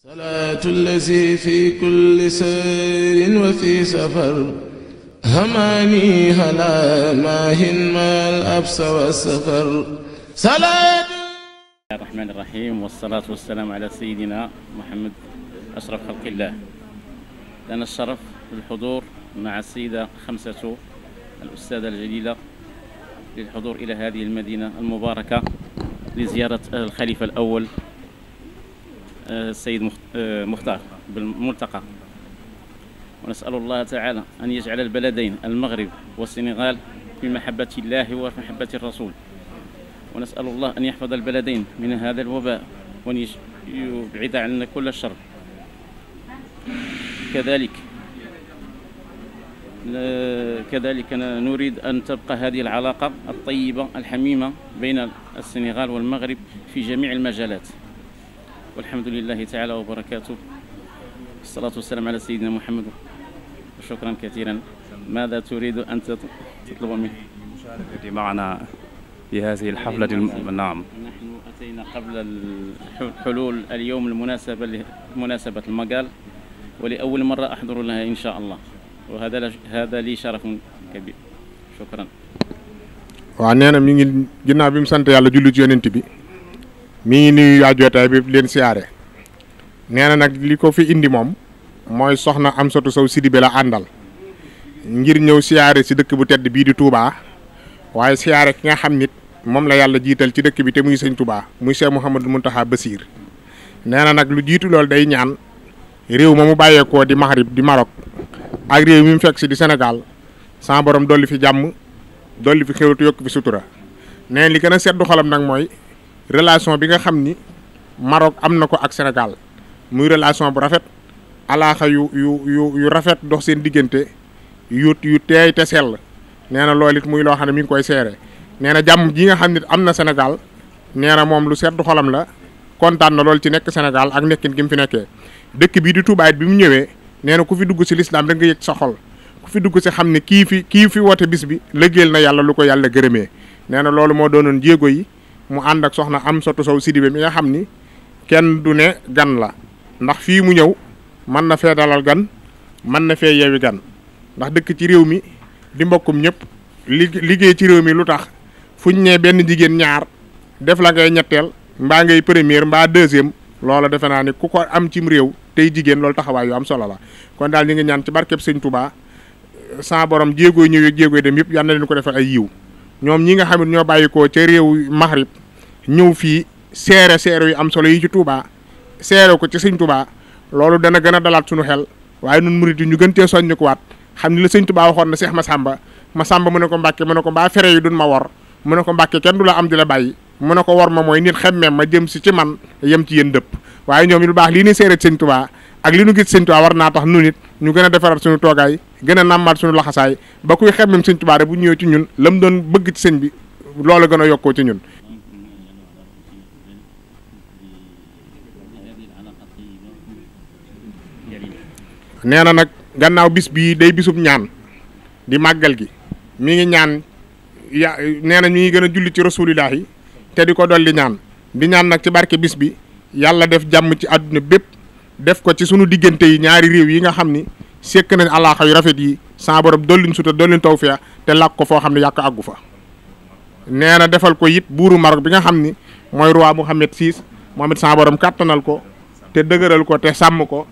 salaatu allazi fi kulli sayrin wa fi safar hamaani halaa maahin maal absa wa safar salaatu arrahmaani arrahiim wassalaatu wassalaamu alaa sayyidinaa Muhammad ashraf xalqillaah lanaa sharaf bilxuduur ma'a sayyida xamsatu al-ustaada al-jaliila lilxuduur ilaa haadihi al-madiina al-mubaaraka li ziyaarati al-xalifa al-awwal السيد مختار بالملتقى ونسأل الله تعالى أن يجعل البلدين المغرب والسنغال في محبة الله ومحبة الرسول ونسأل الله أن يحفظ البلدين من هذا الوباء وأن يبعد عنا كل الشر كذلك كذلك نريد أن تبقى هذه العلاقة الطيبة الحميمة بين السنغال والمغرب في جميع المجالات walhamdulillahi taala wa barakatuh والصلاة والسلام على سيدنا محمد وشكرا كثيرا ماذا تريد أن تطلب منه مشاركتي معنا في هذه الحفلة الم... نعم نحن أتينا قبل حلول اليوم المناسبة لمناسبة المقال ولأول مرة أحضر لها إن شاء الله وهذا ل... هذا لي شرف كبير شكرا waaw nee na mi ngi ginnaaw bi mu sant yàlla julli ci yonent bi mi ngi nuyu waa jotaay bi leen siyaare nee nag li ko fi indi moom mooy soxna am Amsatou Sow Sidibé la àndal ngir ñëw siyaare si dëkk bu tedd bii di tuubaa waaye siyaare ki nga xam nit moom la yàlla jiital ci dëkk bi te muy sëñ Touba muy Cheikh Mouhamadou Mountakha Bassir nee na nag lu jiitu loolu day ñaan réew ma mu bàyyeekoo di Maghrib di Maroc ak réew mi mu fekk si di Sénégal sa borom dolli fi jàmm dolli fi xéwatu yokk fi sutura nee li ko a seddu xolam nag mooy. relation bi nga xam ni Maroc am na ko ak Sénégal muy relation bu rafet alaaxa yu yu yu yu rafet dox seen diggante yu yu teey te sell nee na loolu it muy loo xam ne mu ngi koy seere nee na jàmm ji nga xam ne am na Sénégal nee na moom lu sedd xolam la kontaan na lool ci nekk Sénégal ak nekkin gi mu fi nekkee dëkk bii di Touba bi mu ñëwee nee na ku fi dugg si lislaam da nga yëg sa xol ku fi dugg si xam ne kii fi kii fi woote bis bi lëggeel na yàlla lu ko yàlla gërëmee nee loolu moo doonoon jéego yi. mu ànd ak soxna am Amsatou Sow Sidibé mi nga xam ni kenn du ne gan la ndax fii mu ñëw mën na fee dalal gan mën na fee yewi gan ndax dëkk ci réew mi di mbokkum ñëpp liggéey ci réew mi lu tax fuñ ne benn jigéen ñaar def la ngay ñetteel mbaa ngay première mbaa deuxième loola defe naa ni ku ko am cim réew tey jigéen loolu taxawaay yu am solo la kon daal ñu ngi ñaan ci barkeb sëñ Touba saa borom jéegooy ñëwee jéegooy dem yëpp yal na leen ko defal ay yiw ñoom ñi nga xam ne ñoo bàyyikoo ca réew maxrib ñëw fii seere seere yu am solo yi ci Touba seere ko ci sëñ Touba loolu dana gën a dalaat suñu xel waaye nun murit yi ñu gën cee soññ ko waat xam ni la sëñ Touba waxoon na Seex ma Masamba mu ne ko Mbàkke mu ne ko mbaa fere yi duñ ma wor mu ne ko Mbàkke kenn du la am di la bàyyi mu ne ko wor ma mooy nit xemmeem ma jëm si ci man yem ci yéen dëpp waaye ñoom lu baax lii ni seere sëñ Touba ak li nu gis sëñ Touba war naa tax nun it ñu gën a defaraat suñu toogaay gën a nàmmaat suñu laxasaay ba kuy xemmem sëñ Touba bu ñëwee ci ñun lam doon bëgg ci sëñ bi loola gën a yokkoo ci ñun nee na nag gannaaw bis bii day bisub ñaan di màggal gi mi ngi ñaan ya nee na mi ngi gën a julli ci rasulillah te di ko dolli ñaan di ñaan nag ci barke bis bi yàlla def jàmm ci àdduna bépp def ko ci sunu diggante yi ñaari réew yi nga xam ni sekk nañ alaaxa yu rafet yi sa borom dolliñ suta dolliñ tawfiya te làkk ko foo xam ne yàq àggu fa nee na defal ko it buuru Maroc bi nga xam ni mooy roi Mohammed VI moom it sa borom kàttanal ko te dëgëral ko te sàmm ko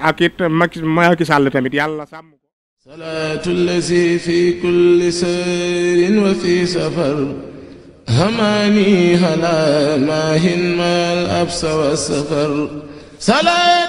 ak it Macky Macky Sall tamit yàlla sàmm ko salaatu lazi fi kulli sayrin wa fi safar hamaani hala maahin mal absa wa safar